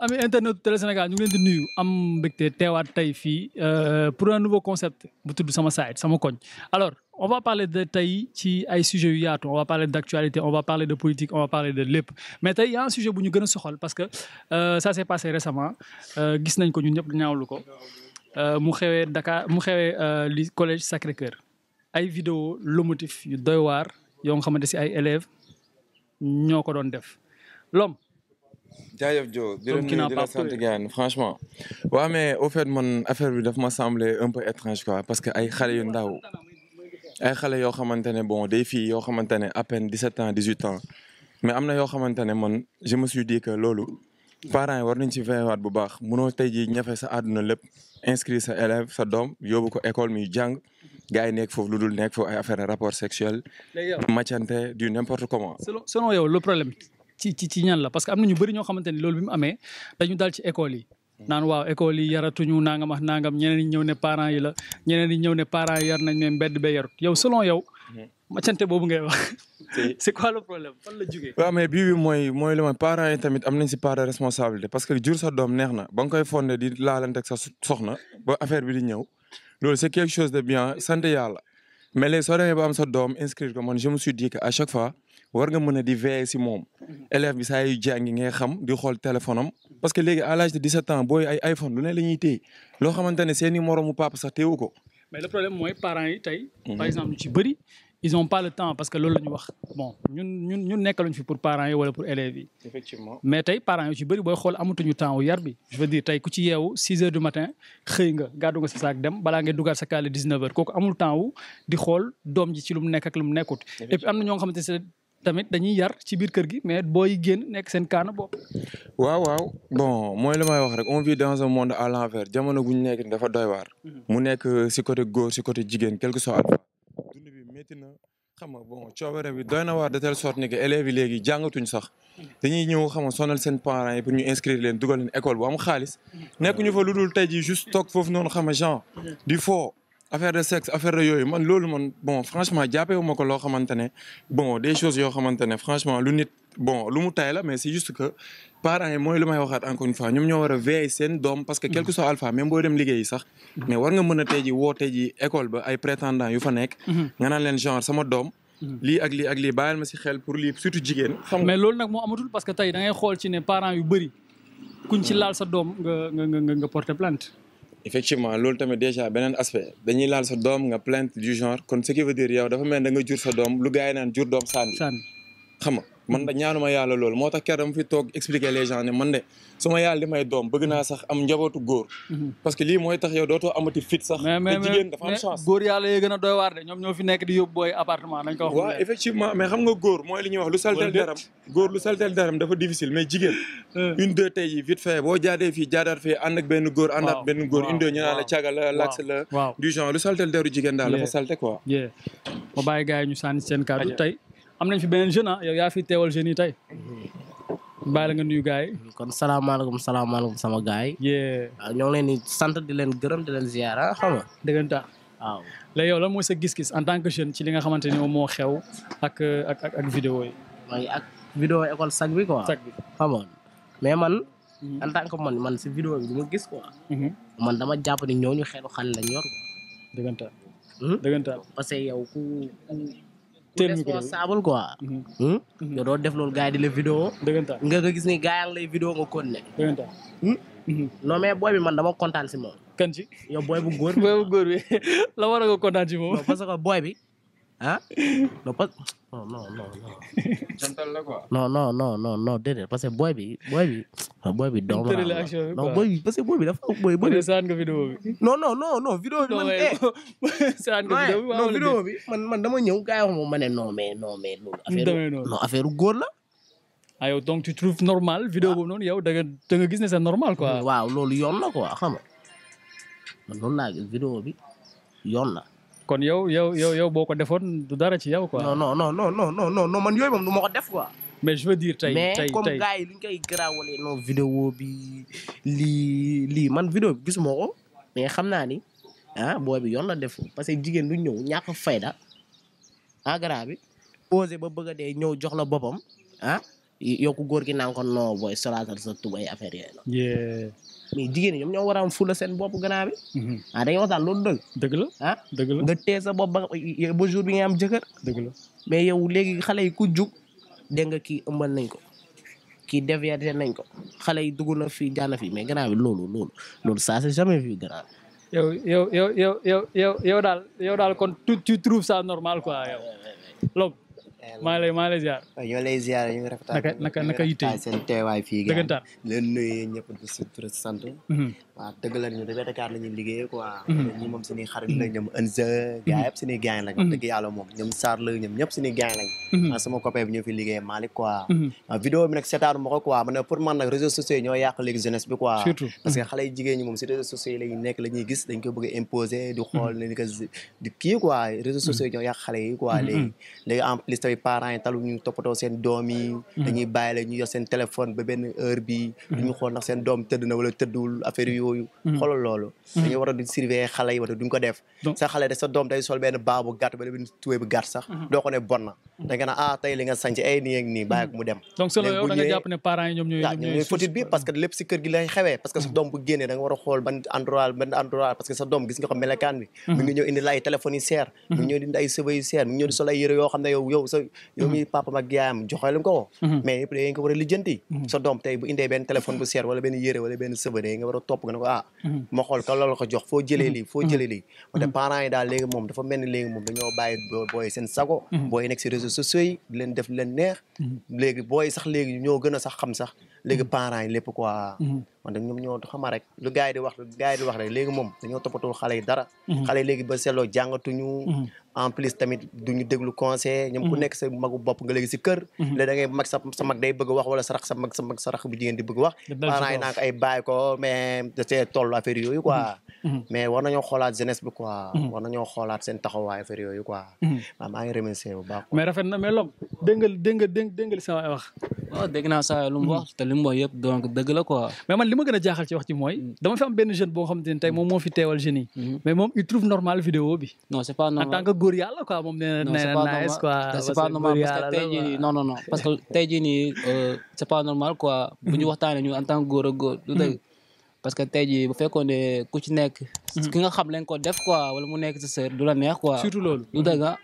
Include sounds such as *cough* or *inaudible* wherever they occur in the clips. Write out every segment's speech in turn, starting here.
ami internet Télé Sénégal ñu ngi leen di nuyu am mbégte teewaat tey fii euh, pour un nouveau concept bu tudd sama site sama koñ alors on va parler de tey ci ay sujets yu yaatu on va parler d'actualité on va parler de politique on va parler de lépp mais tey y sujet bu ñu gën a soxal parce que euh, ça s'est passé récemment euh, gis nañ ko ñu ñëpp ñaawlu ko mu xewee Dakar mu xewee li collège Sacré-Cœur ay vidéo lomotif yu doy waar yoo nga xamante si ay élève ñoo ko doon def jaajëf Joe di la nuyu di la sant gaan franchement waaw mais au fait man affaire bi daf ma semblé un peu étrange quoi parce que ay xale yu ndaw ay xale yoo xamante ne bon des filles yoo xamante ne à peine 17 ans 18 ans mais am na yoo xamante ne man je me suis dit que loolu parents yi war nañ ci veillewaat bu baax munoo tey jii ñafe sa àdduna lépp inscrit sa élève sa doom yóbbu ko école mi jàng gars yi nekk foofu lu dul nekk foofu ay affaire rapport sexuel machante du n'importe comment selon yow le problème ci ci ci ñan la parce que am na ñu bëri ñoo xamante ni loolu bi mu amee dañu dal ci école yi. naan waaw école yi yaratuñu nangam ak nangam ñeneen ñi ñëw ne parents yi la ñeneen ñi ñëw ne parents yi yar nañ mais mbedd bee yarut yow selon yow. Mhm. macante boobu ngay wax. *laughs* c'est quoi le problème fan la jógee. waaw mais bii bi mooy mooy li mooy parents yi tamit am nañ si part de responsabilité parce que jur sa doom neex na ba nga koy fonde di laalanteeg sa soxna ba affaire bi di ñëw loolu c'est quelque chose de bien sant yàlla. mais léegi soo demee ba am sa doom inscrire ko man je me suis dit que à chaque fois war nga mën a di veiller si moom. élève bi saa yu jàngi ngay xam di xool téléphone am parce que léegi à l'âge de 17 ans booy ay iPhone lu ne la ñuy loo xamante ne seen i moromu papa sax téewu ko. mais le problème mooy parents yi tey. Mhm. par exemple yi ci bëri booy xool amatuñu temps yar bi. je veux dire tey ku ci yeewu 6 heures du matin xëy nga nga sa saak dem balaa ngay dugaat sa kaale 19 heures kooku amul temps di xool doom ji ci lu mu nekk ak lu mu nekkut. et am na ñoo tamit dañuy yar ci biir kër gi mais booy génn nekk seen kaana bopp. waaw waaw bon mooy la may wax rek on vit dans un monde à l'envers jamono bu ñu nekk dafa doy waar. Mm-hmm. mu nekk euh, si côté góor si côté jigéen quelque soit. dund bi métti na xam nga bon coobare bi doy na waar de telle sorte ni que élèves léegi jàngatuñ sax. Mm-hmm. dañuy ñëw xam nga sonal seen parents yi pour ñu inscrire leen dugal leen école boo am xaalis. Mm-hmm. nekkuñu fa lu dul tey jii juste toog foofu noonu xam nga genre. di foo. affaire de sexe affaire de yooyu man loolu man bon franchement jàppewu ma ko loo xamante ne bon des choses yoo xamante ne franchement lu nit bon lu mu tay la mais c'est juste que parents yi mooy lu may waxaat encore une fois ñoom ñoo war a veiller seen doom parce que quel que soit alpha même boo dem liggéeyi sax mais war nga a tey ji woo tey ji école ba ay doom lii ak lii ak lii xel pour lii surtout jigéen xam mais loolu nag moo amatul parce que tey da ngay xool ci ne parents yu bëri kuñ ci laal sa doom nga nga effectivement loolu tamit déjà beneen aspect dañuy laal sa doom nga plainte du genre kon ce qui veut yow dafa mel da nga jur sa doom lu gars naan jur doom saan saan xama man da ñaanuma yàlla loolu moo tax ker dama fi toog expliquer les gens ne man de su ma yàlla may doom bëgg naa sax am njabootu góor mhm. parce que lii mooy tax yow dootoo amati fit sax te jigéen dafa am chance góor a doy waar de ñoom ñoo fi nekk di yóbbu booy appartement ko wax waaw dafa difficile mais jigéen une deux tey yi vite boo jaadee fii jaadaat fii ànd ak benn góor àndaat benn góor une deux ñu naan la caaga la lax du genre lu saltel daru jigéen daal dafa salte ko ma bàyyi gars yi ñu sànni seen kàddu tey am nañ fi beneen jeune ah yow yaa fi teewal jeunes yi tey bàyyi la nga nuyu gars kon salaamaaleykum salaamaaleykum sama gars yi. waaw ñoo ngi leen di sant di leen gërëm di leen ziar ah xam nga. dëggantaan waaw. léegi yow lan mooy sa gis-gis en tant que jeune ci li nga xamante ni moom moo xew ak ak ak ak vidéo yi. mooy ak vidéo école sac bi quoi. sac bi mais man. Mhm. en tant que man man si vidéo bi du ma gis ko mhm. man dama jàpp ni ñooñu xelu xale la yor. dëggantaan. Hmm? dëggantaan parce yow ku. teel micro responsable quoi. Hmm? Hmm? nga doon def loolu gars yi di la vidéo. nga nga gis ni gars lay vidéo nga kon ne. dëggantaan. Hmm? non mais booy bi man dama kontaan si moom. kan ci yow bu góor. *laughs* la war a nga kontaan si moom. parce que booy bi. ah *laughs* non pas non non non non. jantal la quoi. non non non non non déedéet parce que booy bi booy bi. Ah, booy bi doomu naa non booy bi parce que booy bi dafa booy booy bi. saan nga vidéo bi. non non non non vidéo bi man eh. *laughs* saan nga vidéo bi waaw non vidéo bi man man dama ñëw gars yi wax ma ne non mais non mais loolu. non affaire góor la. ah yow donc tu trouves normal. vidéo ah. boobu noonu yow da nga da nga gis ne c'est normal quoi. waaw loolu yoon la quoi xam nga man noonu laa gis vidéo bi yoon la. kon yow yow yow yow boo ko defoon du dara ci yow quoi. non non non man yooyu moom du ma ko def quoi. mais je veux dire tey tey tey koy garaawalee non vidéo bi lii lii man vidéo bi gisuma ko mais xam naa ni ah booy yoon la def parce que jigéen du ñëw ñàkk fayda ah garaaw bi ba bëgg a dee ñëw jox la boppam ah yokku góor gi naan ko non booy solaatal sa tubay affaire yooyu la. mais jigéen ñi ñoom ñoo war a am fula seen bopp gannaaw bi. Mhm. ah lool waxtaan loolu ah, nga tee sa bopp ba ba bi nga am jëkkër. dëgg la mais yow léegi xale yi ku jug dégg nga kii ëmbal nañ ko kii déviaté nañ ko xale yi dugg na fii jàll fii mais gannaaw bi loolu loolu loolu ça c'est jamais vu gannaaw. yow daal yow daal kon tu tu trouves ça normal quoi yow maa lay maa lay ziar. yow lay ziar ñu ngi rafetal naka naka naka yitte ah, seen teewaay fii. dëggantaan leen nuyu ñëpp di sutura a waaw mhm. ah, dëgg la ñu dafay Dakar la ñuy liggéey quoi. Mhm. ñi moom xarit mhm. la ñoom Anza. gars gaañ lañ. dëgg yàlla moom ñoom ah, fi liggéey Malick quoi. vidéo bi nag seetaanu ma ko quoi man nag pour man nag réseaux sociaux yi ñoo yàq léegi jeunesse bi quoi. surtout parce que xale yi jigéen ñi moom si réseaux sociaux yi la ñuy nekk gis dañ ko bëgg a imposer xool ne ni ko di kii réseaux sociaux say talu ñu toppatoo seen doom mm-hmm. dañuy bàyyi la ñu yor téléphone ba benn heure bi mm-hmm. duñu xool ndax seen doom tëdd na wala tëddul affaire yooyu mm-hmm. xoolal loolu dañuy war a parce que lépp doom bu génnee da nga xool ban endroit ban endroit parce que sa doom gis nga ko melekaan bi mu ngi ñëw indi la ay téléphones seer mu ñëw indi ay cheveux seer mu ñëw di sol yëre yoo xam ne yow yow yow mhm. mi papa mag yaayam joxee lañ ko mhm. mais yëpp dañ ko war a lijjanti mhm. sa doom tey bu indee benn téléphone bu seer wala benn yére wala benn sëba nga war a topp nga ne ko ah ka loolu ko jox foo jëlee lii foo jëlee lii wante yi daal léegi moom dafa mel ni léegi moom dañoo bàyyi booy seen sago booy nekk réseaux sociaux yi leen def leen neex léegi booy sax léegi ñoo gën a sax xam sax léegi parents yi lépp quoi. Mm-hmm. man de ñoom ñoo xama rek lu gars yi di wax lu gars yi di wax rek léegi moom dañoo toppatoo xale yi dara. Mm-hmm. xale yi léegi ba seetloo jàngatuñu. Mm-hmm. en plus tamit duñu déglu conseil. ñoom ku nekk sa magu bopp nga léegi si kër. léegi da mag sa mag day bëgg wax wala sa sa mag sa bu jigéen di bëgg wax. parents yi naan ko ay bàyyi ko mais da affaire yooyu quoi. Mm-hmm. mais war nañoo xoolaat jeunesse bi quoi. Mm-hmm. war nañoo xoolaat seen taxawaay affaire yooyu quoi. Mm-hmm. maa ngi remercier bu baax. mais rafet na mais lom dégg nga dégg nga wax. waaw oh, dégg naa wax te li wax yëpp donc dëgg la quoi. mais man li ma gën a jaaxal ci wax ci mooy. dama fi am benn jeune boo xamante ne tey moom moo fi teewal jeunes yi. mais moom il trouve normal vidéo bi. non c'est pas normal que parce que tey jii nii non non non parce que tey euh, c'est pas normal quoi. *laughs* bu ñu ñu en tant que góor ak parce que tey jii bu fekkoon ne ku ci nekk. Mhm. ki nga xam leen koo def quoi wala mu nekk sa sœur du la neex quoi. surtout loolu lu dëgg ah.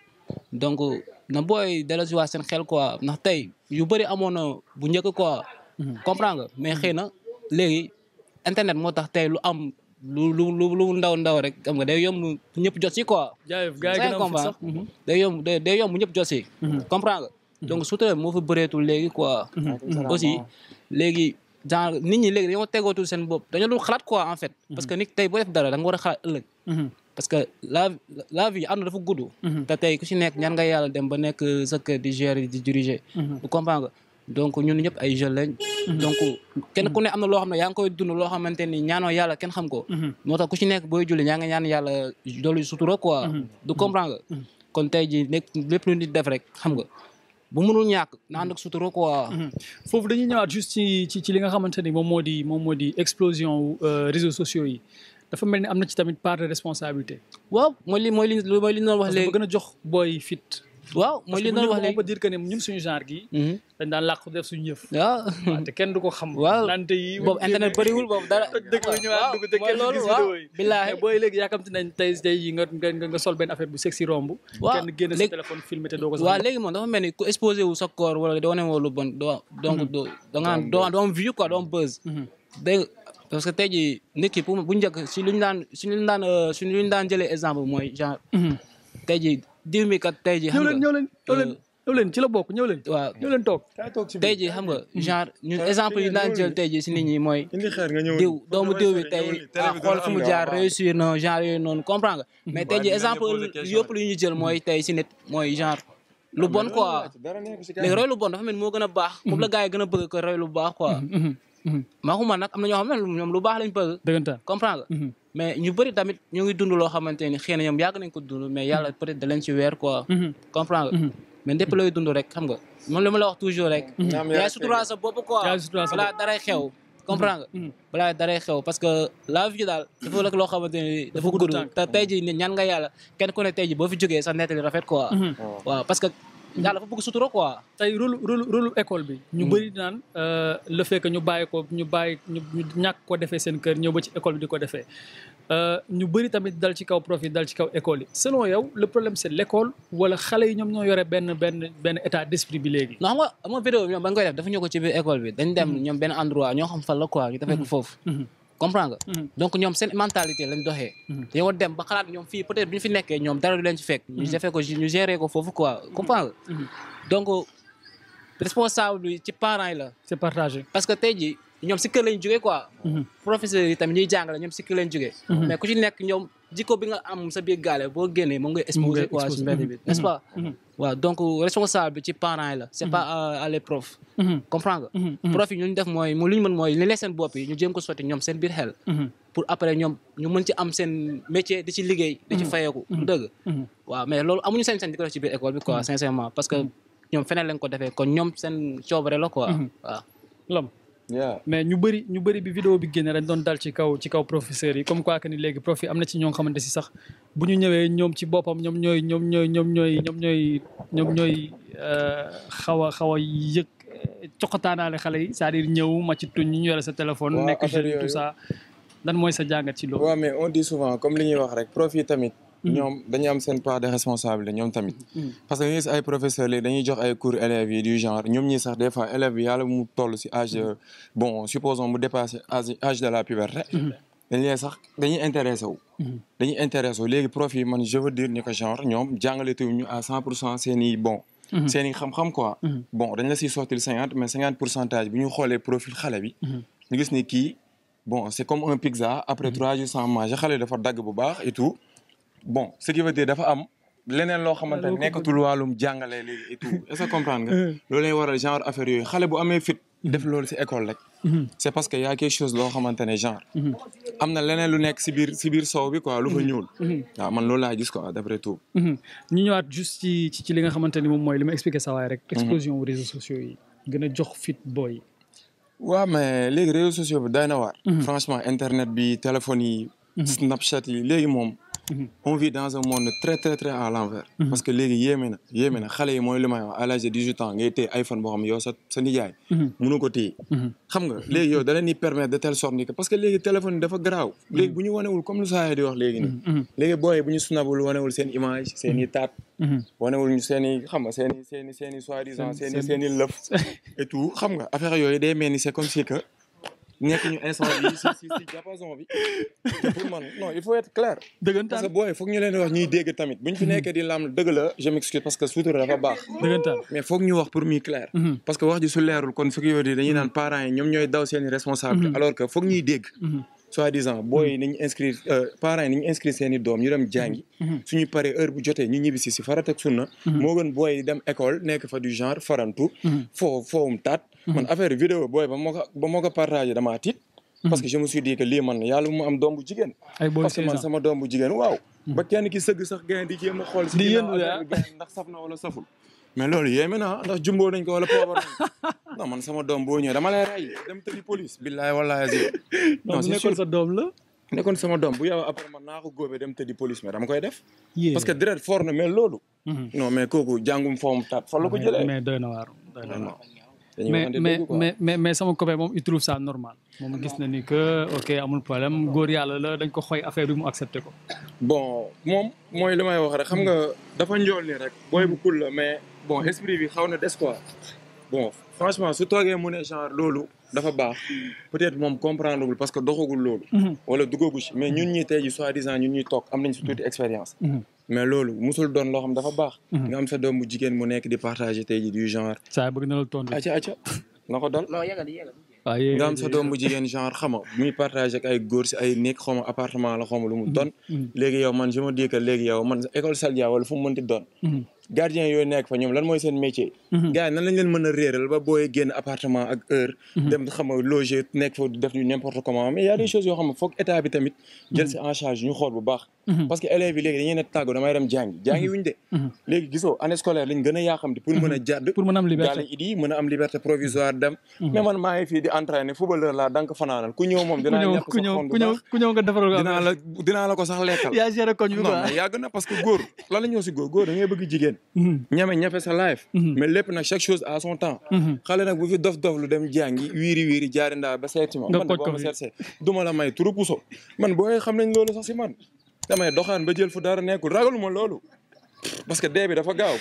donc na booy dellusiwaat seen xel quoi ndax tey yu bëri amoon na bu ñëkk quoi. Mhm. comprendre nga mais xëy na léegi internet moo tax tey lu am lu lu lu ndaw ndaw rek xam nga day yomb ñëpp jot si quoi. jaayef gars yi a mhm. day yomb ñëpp jot comprendre nga donc sutura moo fi bëreetul léegi quoi. aussi léegi. nit ñi léegi dañoo tegootul seen bopp dañoo dul xalaat quoi en fait. Mhm. parce que tey boo def dara da nga war a xalaat ëllëg. Mhm. parce que la la vie àdduna dafa gudd. Mhm. te tey ku si nekk ñaan nga yàlla dem ba nekk sa di gérer di diriger. du comprendre kon tey ji nekk lépp def rek xam nga. bu mënul ñàkk na ànd ak sutura quoi. Mhm. foofu dañuy ñëwaat juste ci ci li nga xamante ni moom moo di moom moo di explosion euh, réseaux sociaux yi dafa mel ni am na ci tamit part de responsabilité. waaw mooy li mooy li mooy li ñu wax léegi gën a jox booy fit. waaw mooy li doon wax léegi on ñun suñu genre gi mhm. dañ daan làqu def suñu yëf waaw du ko xam waaw nante yi boobu internet bëriwul boobu dara la ñu dugg te kenn du gis vidéo yi billaahi booy léegi yaakamti nañ tey tey yi nga nga nga sol benn affaire bu sexy romb waaw léegi moom dafa mel ni exposé wu sa wala doo ne bon doo donc mhm. view quoi doo am mhm. parce que tey jii nit ki pour bu njëkk si luñu daan si luñu daan euh, si luñu daan jëlee exemple mooy genre tey jii diw mi kat tey ji xam nga ñëw leen ñëw leen euh, ñëw leen ci la bokk ñëw leen. waaw ñëw leen toog. ji xam nga genre ñun exemple yi naan jël tey ji si nit ñi mooy. diw doomu diw bi tey ah xool fu jaar réussir na genre yooyu noonu comprendre nga. Hmm. mais tey ji exemple yëpp ñu jël mooy tey si nit mooy genre. lu bon quoi léegi roy lu bon dafa mel moo gën a baax. moom la gars yi gën a bëgg ko roy lu baax quoi. Hmm, hmm, maa nag am na ñoo xam ne ñoom lu baax lañ bëgg. dëggantaan comprendre mais ñu bëri tamit ñu ngi dund loo xamante ni xëy na ñoom mais yàlla mm-hmm. peut-être da leen weer quoi. Mm-hmm. comprendre mm-hmm. mais ndépp looy dund rek xam nga moom li ma la wax toujours rek. yaa sutura sa bopp quoi balaa daray xew. comprendre nga. daray xew parce que la vie daal dafa rek loo xamante ni dafa gudd te tey ji ñaan nga yàlla kenn ku ne tey ji boo fi jógee sa nettali rafet quoi. waaw parce que yàlla dafa bëgg sutura quoi tey rôle rôle rôle école bi ñu mm. bëri naan euh, le fait que ñu bàyyi ko ñu bàyyi ñu ñàkk ko defee seen kër ñëw ba ci école bi di ko defee euh, ñu bëri tamit dal ci kaw prof dal ci kaw école yi selon yow le problème c'est l'école wala xale yi ñoom ñoo yore benn benn benn état d'esprit bi léegi non xam nga ama vidéo bi ñoom ba nga koy def dafa ñëw ko ci biir école bi dañ dem mm-hmm. ñoom benn endroit ñoo xam fan la quoi ñu defee ko mm-hmm. foofu mm-hmm. comprends nga. Mhm. donc ñoom seen mentalité lañ doxee. yow mhm. dem ba ñoom fii peut-être bi fi nekkee ñoom dara du leen ci fekk. Mhm. ñu defee ko foofu quoi comprends donc responsable bi ci parents la. parce que tey jii ñoom si kër lañ jógee quoi mhm. professeur yi tamit ñuy jàngale ñoom si kër lañ jógee mhm. mais ku ci nekk ñoom jikko bi nga am sa biir gaale boo génnee moom ngay exposé quoi si mbedd bi mhm. la c'est pas à les profs comprends nga prof yi ñu def mooy mu li mooy li leen bopp yi ñu jéem ko sotti ñoom seen biir xel pour après ñoom ñu mën ci seen métier di ci liggéey di ci fayeeku dëgg waaw mais loolu amuñu seen seen di ko def ci biir école bi quoi sincèrement parce que ñoom ko kon ñoom seen coobare la quoi waaw mais ñu bëri ñu bëri bi vidéo bi génne dañ doon dal ci kaw ci kaw professeurs yi comme quoi que ni léegi prof yi am na ci ñoo xamante si sax bu ñu ñëwee ñoom ci boppam ñoom ñooy ñoom ñooy ñoom ñooy ñoom ñooy ñoom ñooy euh, xaw a xaw a yëg coxataanaale xale yi c'est-à-dire ñëw ma ci tuñ ñu yore sa téléphone. nekk jeune tout ça lan mooy sa jàngat ci loolu. waaw mais on dit li ñuy wax rek prof yi tamit. Mm-hmm. ñoom dañuy am seen part de responsabilité ñoom tamit. Mm-hmm. parce que nga gis ay professeurs léegi dañuy jox ay cours élèves yi du genre ñoom ñii sax des élèves yi mu toll si âge de mm-hmm. la puberté. dañ leen sax dañuy intéressé wu. dañuy intéressé wu man je veux dire ñoom jàngale tuuti ñu à cent pour cent seen i bon. seen i xam-xam quoi. bon dañ la siy sortil cinquante mais cinquante pourcentage bi ñu xoolee profil xale bi. ñu gis ni kii bon c' comme un bon ce qui veut dafa am. leneen loo xamante ne nekkatul wàllum jàngale léegi et tout est-ce nga. Hmm. loolu waral genre affaire yooyu xale bu amee fit. def lool si école rek. Hmm. c'est parce que y a chose loo xamante ne genre. Hmm. am na leneen lu nekk si biir si biir sow bi quoi lu fa ñuul. waaw man loolu laa gis quoi d'après tout. ñu ñëwaat juste ci ci li nga xamante ni moom mooy li ma expliqué sa waay rek. explosion réseaux sociaux yi gën a jox fit booy. waaw mais léegi réseaux sociaux bi day na waar. franchement internet bi téléphone yi. Snapchat yi léegi moom. on dans un monde très très très à l'envers mhm. parce que léegi yéeme xale yi mooy li may wax à dix-huit ans ngay téye iPhone boo xam yow sa sa nijaay mhm. mënu mhm. xam nga léegi yow da permettre de telle sorte ni parce que léegi téléphone dafa garaaw léegi bu ñu wanewul wanewul seen image seen taat wanewul ñu seen i xam disant seen lëf et xam nga affaire yooyu day mel ni c'est nekk ñu instant bii si si si diapason bi te pour man non il faut être clair. parce que booy foog ñu leen wax ñuy dégg tamit bu ñu fi mhm. nekkee di dëgg la je m'excuse parce que sutura dafa baax. dëggantaan mais foog ñu wax pour muy clair. Mhm. parce que wax ji su leerul kon su ko yónnee dañuy mhm. naan parents yi ñoom ñooy daw seen i responsabilité. alors que foog ñuy dégg. soi-disant booy euh, yi nañu inscrire i doom ñu dem jàngi. suñu paree heure bu jotee ñu ñibbi si si farat ak sunna. moo gën booy fa man mhm. affaire vidéo booy ba moo a ba moo ko partagé mhm. parce que je me suis dit man yàlla mu am doom bu jigéen. parce que man sama doom bu jigéen waaw. Mhm. ba kenn ki sëgg sax gars di jéem a xool. si ginnaaw ah. ndax saf na wala saful. mais loolu yéeme na ndax jumboo nañ ko wala poobar *laughs* man sama doom boo ñëwee dama lay ray dem tëddi police. billaay wallaay azim. *laughs* non sa doom la. ne nekkoon sama doom bu yow après man naa ko góobee dem tëddi police mais dama koy def. parce que direct fort na mais loolu. non mais kooku jàngum foom tat fa la ko ah, jëlee. mais na waar mais mais mais mais sama copain moom il trouve ça normal. moom gis na ni que ok amul problème góor yàlla la dañ ko xooy affaire bi mu accepté ko. bon moom mooy li may wax rek xam nga dafa njool ni rek booy bu cool la mais bon esprit bi xaw na des quoi bon franchement su toogee mu ne genre loolu dafa baax peut-être moom comprendre wul parce que doxagul loolu. Mhm. wala duggagu si mais ñun ñi tey ji disant ñun ñuy toog am nañ si tuuti expérience. Mhm. mais loolu musul doon loo xam dafa baax. Mhm. nga am sa doom jigéen mu nekk di partager tey ji du genre. saa bëgg na la tontu. acca acca na ko dal. non yëgal ah, am sa doom jigéen genre xama muy partage ak ay góor si ay nekk xaw ma appartement la xaw ma lu mu doon. Mhm, mhm. léegi yow man je me dis que léegi yow man école Saldia wala fu mu mënti doon. gardien yooyu nekk fa ñoom lan mooy seen métier. Mhm. gars yi lañ leen mën a réeral ba booy génn appartement ak heure. Mhm. dem xam loger nekk fa def ñu n'importe comment mais y a des mhm. choses xam foog état bi tamit. jël si charge ñu xool bu baax. parce que élèves yi daal di mën sax xondu ku ñëw ku ñëw nga ko dinaa *laughs* parce que góor la ñoo si góor góor da ngay bëgg jigéen leen. ñame ñafe sa life. Mhm. mais lépp nag chaque chose à son temps. Mhm. xale nag bu fi dof-dof lu dem jàngi wiiri wiiri jaari ndaar ba seeti ma. man de boo la may turu puso. man boo ngay xam nañ loolu sax si man damay doxaan ba jël fu dara nekkul ragaluma loolu parce que dee dafa gaaw.